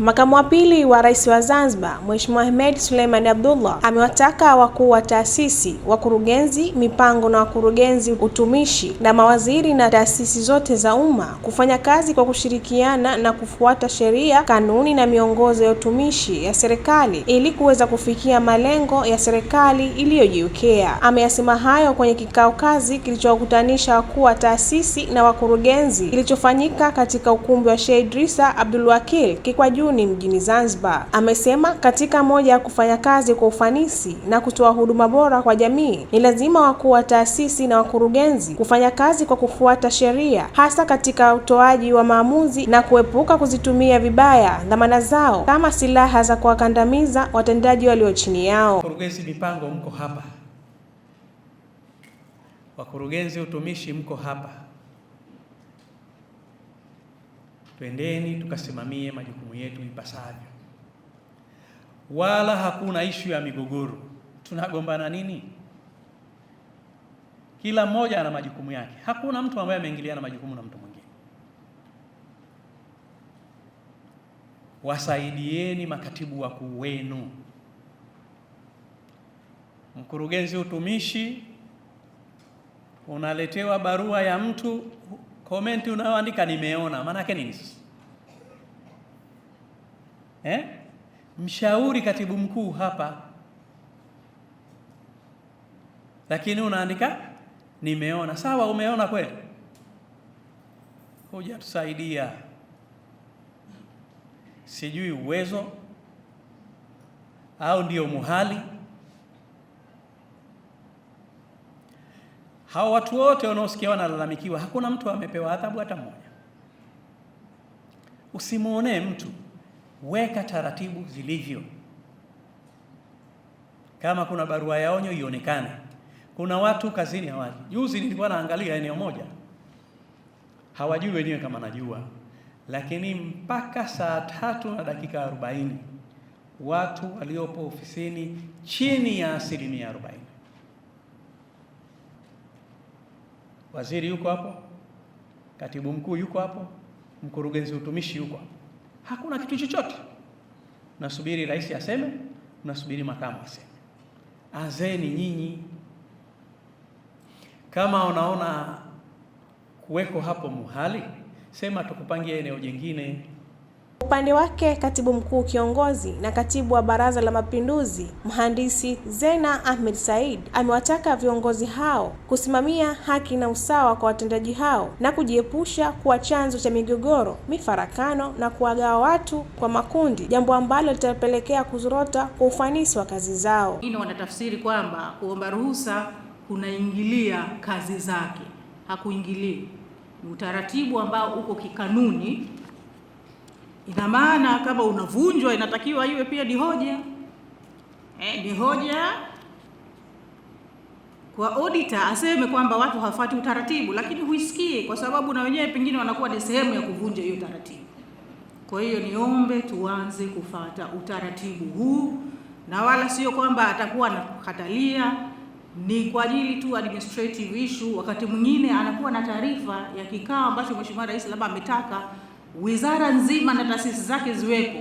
Makamu wa pili wa Rais wa Zanzibar, Mheshimiwa ahmed Suleiman Abdullah amewataka wakuu wa taasisi, wakurugenzi mipango na wakurugenzi utumishi na mawaziri na taasisi zote za umma kufanya kazi kwa kushirikiana na kufuata sheria, kanuni na miongozo ya utumishi ya serikali ili kuweza kufikia malengo ya serikali iliyojiwekea. Ameyasema hayo kwenye kikao kazi kilichowakutanisha wakuu wa taasisi na wakurugenzi kilichofanyika katika ukumbi wa Sheikh Idrisa Abdulwakil Kikwajuni utamaduni mjini Zanzibar. Amesema katika moja ya kufanya kazi kwa ufanisi na kutoa huduma bora kwa jamii, ni lazima wakuu wa taasisi na wakurugenzi kufanya kazi kwa kufuata sheria, hasa katika utoaji wa maamuzi na kuepuka kuzitumia vibaya dhamana zao kama silaha za kuwakandamiza watendaji walio chini yao. Wakurugenzi mipango, mko hapa. Wakurugenzi utumishi, mko hapa. Twendeni tukasimamie majukumu yetu ipasavyo, wala hakuna ishu ya migogoro. Tunagombana nini? Kila mmoja ana majukumu yake, hakuna mtu ambaye ameingiliana majukumu na mtu mwingine. Wasaidieni makatibu wakuu wenu, mkurugenzi utumishi unaletewa barua ya mtu comment unayoandika nimeona, maana yake nini sasa eh? Mshauri katibu mkuu hapa, lakini unaandika nimeona. Sawa, umeona kweli, hujatusaidia. Sijui uwezo au ndio muhali Hao watu wote wanaosikia wanalalamikiwa, hakuna mtu amepewa adhabu hata mmoja. Usimwonee mtu, weka taratibu zilivyo. Kama kuna barua ya onyo ionekane. Kuna watu kazini hawaji. Juzi nilikuwa naangalia eneo moja, hawajui wenyewe kama najua, lakini mpaka saa tatu na dakika arobaini watu waliopo ofisini chini ya asilimia arobaini Waziri yuko hapo, katibu mkuu yuko hapo, mkurugenzi utumishi yuko hapo, hakuna kitu chochote. Nasubiri rais aseme, nasubiri makamu aseme. Anzeni nyinyi. Kama unaona kuweko hapo muhali, sema tukupangie eneo jingine. Upande wake katibu mkuu kiongozi na katibu wa Baraza la Mapinduzi mhandisi Zena Ahmed Said amewataka viongozi hao kusimamia haki na usawa kwa watendaji hao na kujiepusha kuwa chanzo cha migogoro, mifarakano na kuwagawa watu kwa makundi, jambo ambalo litapelekea kuzorota kwa ufanisi wa kazi zao. Wengine wanatafsiri kwamba kuomba ruhusa kunaingilia kazi zake, hakuingilii. Ni utaratibu ambao uko kikanuni Ina maana kama unavunjwa inatakiwa iwe pia ni hoja eh, ni hoja kwa auditor aseme kwamba watu hawafuati utaratibu, lakini huisikie, kwa sababu na wenyewe pengine wanakuwa ni sehemu ya kuvunja hiyo taratibu. Kwa hiyo niombe tuanze kufata utaratibu huu, na wala sio kwamba atakuwa anakatalia, ni kwa ajili tu administrative issue. Wakati mwingine anakuwa na taarifa ya kikao ambacho mheshimiwa rais labda ametaka wizara nzima na taasisi zake ziwepo.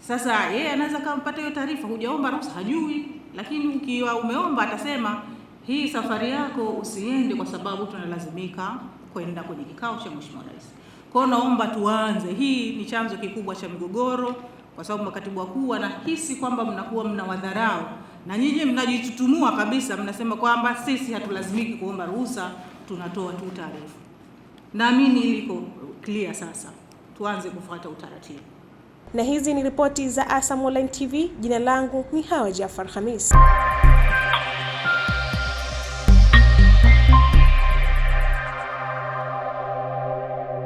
Sasa yeye anaweza kampata hiyo taarifa, hujaomba ruhusa hajui, lakini ukiwa umeomba atasema hii safari yako usiende kwa sababu tunalazimika kwenda kwenye kikao cha mheshimiwa rais. Kwa hiyo naomba tuanze. Hii ni chanzo kikubwa cha migogoro, kwa sababu makatibu wakuu wanahisi kwamba mnakuwa wadharau na nyinyi mnajitutumua kabisa, mnasema kwamba sisi hatulazimiki kuomba ruhusa, tunatoa tu taarifa. Naamini iliko clear sasa tuanze kufuata utaratibu. Na hizi ni ripoti za ASAM Online TV. Jina langu ni Hawa Jafar Hamis.